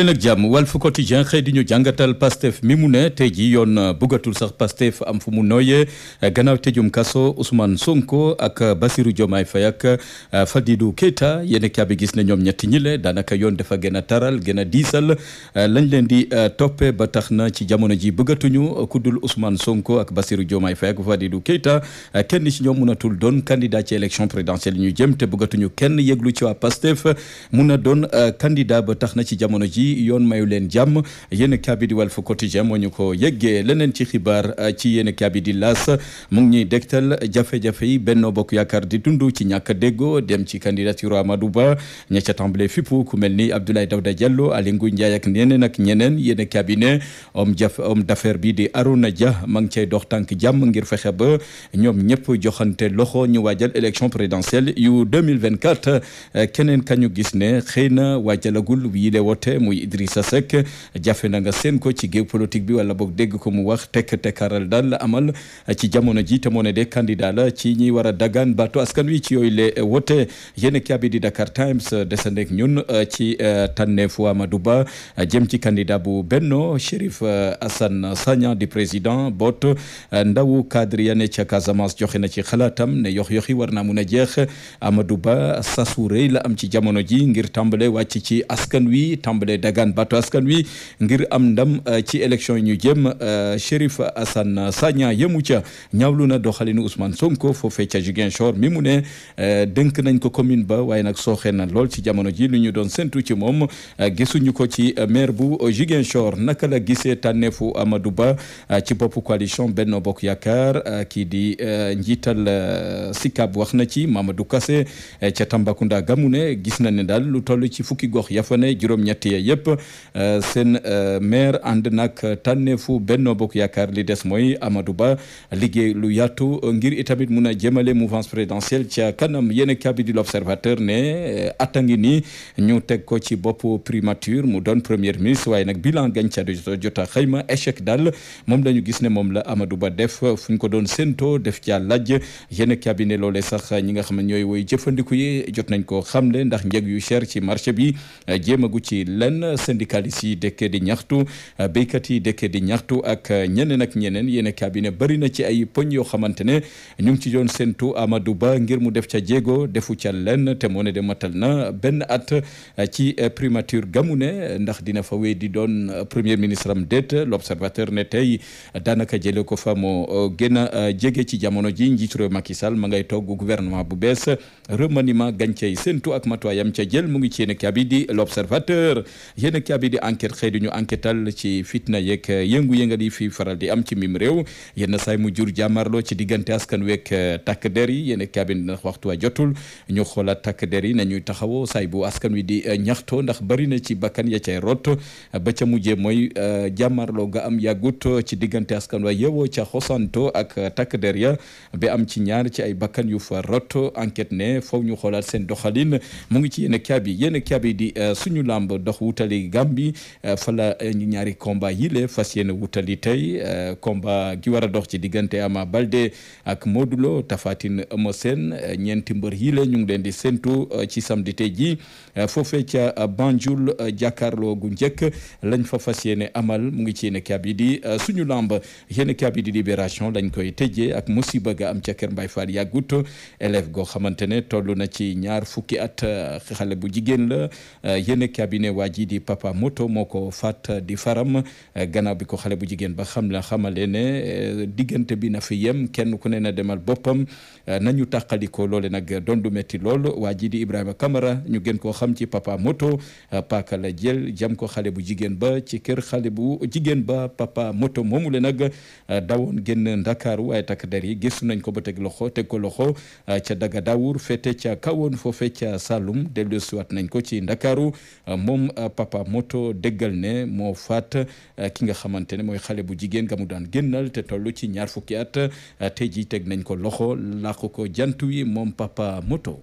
leen ak jàmm Walf Quotidien xëy di ñu jàngatal Pastef mi mu ne tey ji yoon bëggatul sax Pastef am fu mu nooyee gannaaw tëjum kaso Ousmane Sonko ak Bassirou Diomaye Faye ak euh, Fadilou Keita yéen a bi gis ne ñoom ñetti ñi le daanaka yoon dafa gën a taral gën a diisal euh, lañ leen di euh, toppe ba tax na ci jamono ji bëggatuñu kuddul Ousmane Sonko ak Bassirou Diomaye Faye ak Fadilou Keita kenn ci ñoom mënatul doon candidat ci élection présidentielle ñu jëm te bëggatuñu kenn yëglu ci wa Pastef mun doon candidat ba tax na ci jamono ji bi yoon mayu leen jàmm yéen kabi di Walf Quotidien moo ñu ko yëggee leneen ci xibaar euh, ci yéen kabi Las mu ngi ñuy dégtal jafe-jafe yi Benno Bokk Yaakaar di dund ci ñakk déggoo dem ci candidature Amadou Ba ña ca tàmbalee fippu ku mel ni Abdoulaye Daouda Diallo Aly Ngouille Ndiaye ak ñeneen ak ñeneen yéen kabi ne homme d'affaires bi di Arouna Dia ma ngi cay dox tànk jàmm ngir fexe ba ñoom ñëpp joxante loxo ñu waajal élection présidentielle yu 2024 euh, keneen kañu gis ne xëy na waajalagul yi de wote muy di Idrissa Seck jafe ko ci géopolitique bi wala boog dégg ko mu wax tekk tekkaaral daal amal ci jamono ji te moo ne de candidat ci ñi war a dagaan baatu askan wi ci yooyu le wote yéen kaabi di Dakar Times desandeek ñun euh, ci euh, tànneefu Amadou Ba euh, jëm ci candidat bu Benno Chérif Assane Sagna di président boot ndaw cadre ya ca Casamance joxe na ci xalaatam ne yox yoxi war naa mun a jeex Amadou Ba sasu rëy am ci jamono ngir tàmbale wàcc ci askan wi tàmbale dagaan batu askan wi ngir am ndam euh, ci élection ñu jëm euh, Chérif Assane Sagna yemu ca ñaawlu na doxalinu Ousmane Sonko foofee ca Ziguinchor mi mu ne euh, dënk nañ ko commune ba waaye nag sooxee na lool ci jamono ji lu ñu doon séntu ci moom gisuñu ko ci maire bu Ziguinchor naka la gisee fu amadu Ba ci boppu coalition Benno Bokk Yaakaar kii di njiital Sicap wax na ci Mamadou Kassé ca Tambacounda gamu ne gis na ne daal lu toll ci fukki gox yafane juróom-ñett yëpp euh, seen euh, maire ànd nag tànneefu Benno Bokk Yaakaar li des mooy Amadou Ba liggéey lu yaatu ngir itamit mun a jëmale mouvance présidentielle ca kanam yéen kabi di l'observateur ne euh, attangi ni ñu teg ko ci bopp primature mu doon première ministre waaye nag bilan gàncax jota xayma échec daal moom la ñu gis ne moom la Amadou Ba def fuñ ñu ko doon séntoo def ci ca laaj yéen cabinet loole sax ñi nga xam ne ñooy woy jëfandiku yi jot nañ ko xamle ndax njëg yu cher ci marché bi jéemagu ci yeneen syndicalistes yi dekkee di ñaxtu euh, béykat yi dekkee di ñaxtu ak euh, ñeneen ak ñeneen yéen cabinet bari na ci ay poñ yoo xamante ne ñu ngi ci doon séntu Amadou Ba ngir mu def ca jéego defu ca lenn te moo ne de matal na benn at euh, ci primature gamu ne ndax dina fa wéy di doon premier ministre am déet l'observateur ne tey daanaka jëlee ko fa moo gën a jege ci jamono ji njiitu réew Macky Sall ma ngay togg gouvernement bu bees remaniement gàncey séntu ak yam ca jël mu ngi ci yéen a di l'observateur yéen a bi di enquête xëy di ñu enquêtal ci fitna yeeg yëngu-yëngal yi fi faral di am ci mim réew yenn say mu jur jàmmarloo ci diggante askan weeg eh, takk der yi yéen a bi ndax waxtu wa jotul ñu xoolaat takk der yi nañuy taxawoo saay bu askan wi di eh, ñaxtoo ndax bari na ci bakkan ya cay rot ba ca mujjee mooy eh, jàmmarloo ga am yàggut ci diggante askan wa yeewoo ca xosanto ak takk der ya ba am ci ñaar ci ay bakkan yu fa rot enquête ne faw ñu xoolaat seen doxalin mu ngi ci yéen a bi yéen a bi di suñu làmb dox wut wutali Gambie eh, fa la eh, ñaari combat yi le fas yéene wutali tey eh, combat gi war a dox ci diggante Ama Balde ak Modou Lo Tapha Tine Eumeu ñeenti mbër yi le ñu ngi leen di séntu ci samedi tey ji ca Banjul jàkkaarloo gu njëkk lañ fa fas yéene amal mu ngi ci yéene kaab yi di suñu lamb yéene kaab yi di lañ koy tëjee ak musiba ga am ca Kër Mbaye Fall yàggut élève goo xamante ne toll na ci ñaar fukki at xale bu jigéen la yéene kaab yi di Papa Moto moo ko faat di faram eh, gannaaw bi ko xale bu jigéen ba xam la xamale ne eh, diggante bi na fi yem kenn ku ne na demal boppam eh, nañu tàqaliko loole nag doon métti lool waa ji di Ibrahima Camara ñu gën koo xam ci Papa Moto pakala la jël jam ko xale bu jigéen ba ci kër xale bu jigéen ba Papa Moto moomu le nag dawoon génn Ndakaaru waaye takk der yi gis nañ ko ba teg loxo teg ko loxo ca Daga Daawur fete ca kawoon foofe ca Saloum dellusiwaat nañ ko ci Ndakaaru moom papa moto déggal ne moo faat eh, ki nga xamante ne mooy xale bu jigéen nga mu daan génnal te toll ci ñaar fukki at eh, tey jii teg nañ ko loxo làq ko jant wi moom papa moto.